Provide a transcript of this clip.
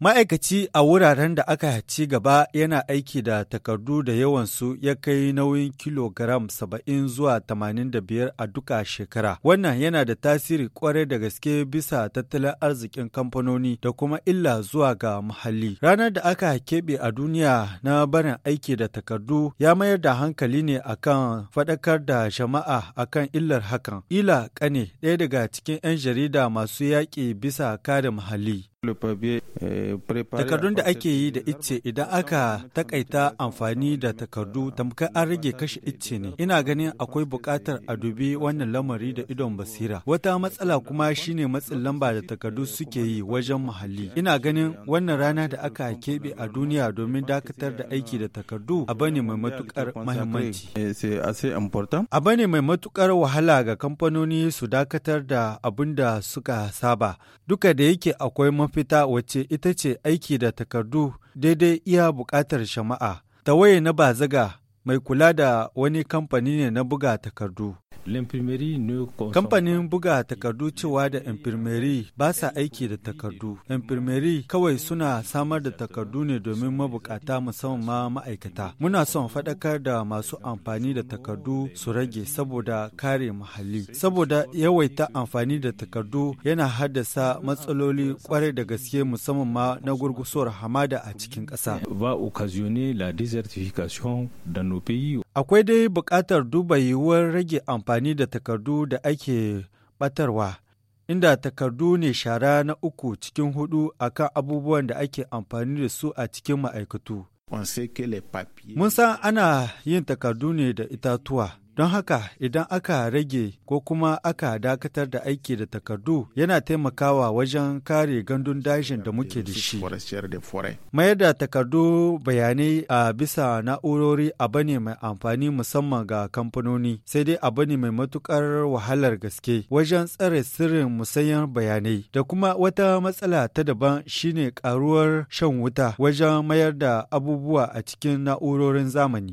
Ma'aikaci a wuraren da aka ci gaba yana aiki da takardu da yawansu ya kai nauyin kilogram 70 zuwa 85 a duka shekara. Wannan yana da tasiri kwarai da gaske bisa tattalin arzikin kamfanoni da kuma illa zuwa ga muhalli. Ranar da aka keɓe a duniya na barin aiki da takardu ya mayar da hankali ne akan faɗakar da jama'a akan illar hakan. Ila Kane ɗaya daga cikin 'yan jarida masu yaƙi bisa kare muhalli. Eh, Takardun da ake yi da icce idan aka takaita amfani da takardu tamkar an rage kashe icce ne. Ina ganin akwai bukatar a dubi wannan lamari da idon basira. Wata matsala kuma shine matsin lamba da takardu suke yi wajen muhalli. Ina ganin wannan rana da aka keɓe a duniya domin dakatar da aiki da takardu abu ne mai matuƙar mahimmanci. Eh, abu ne mai matuƙar wahala ga kamfanoni su dakatar da abin da suka saba. Duka da yake akwai mafi mafita wacce ita ce aiki da takardu daidai iya buƙatar shama'a. waye na bazaga mai kula da wani kamfani ne na buga takardu. Kamfanin buga takardu cewa da infirmeri ba sa aiki da takardu. Infirmeri kawai suna samar da takardu ne domin mabukata musamman ma ma'aikata. Muna son faɗakar da masu amfani da takardu su rage saboda kare muhalli. Saboda yawaita amfani da takardu yana haddasa matsaloli kwarai da gaske musamman ma na gurgusuwar hamada a cikin ƙasa. Va occasionner la désertification dans Akwai dai buƙatar duba yiwuwar rage amfani da takardu da ake ɓatarwa, inda takardu ne shara na uku cikin hudu akan abubuwan da ake amfani da su a cikin ma'aikatu. Mun san ana yin takardu ne da itatuwa. Don haka idan aka rage ko kuma aka dakatar da aiki da takardu yana taimakawa wajen kare gandun dajin da muke da shi. Mayar da takardu bayanai a bisa na'urori abu ne mai amfani musamman ga kamfanoni sai dai abu ne mai matukar wahalar gaske wajen tsare sirrin musayar bayanai da kuma wata matsala ta daban shine karuwar shan wuta wajen mayar da abubuwa a cikin na'urorin zamani.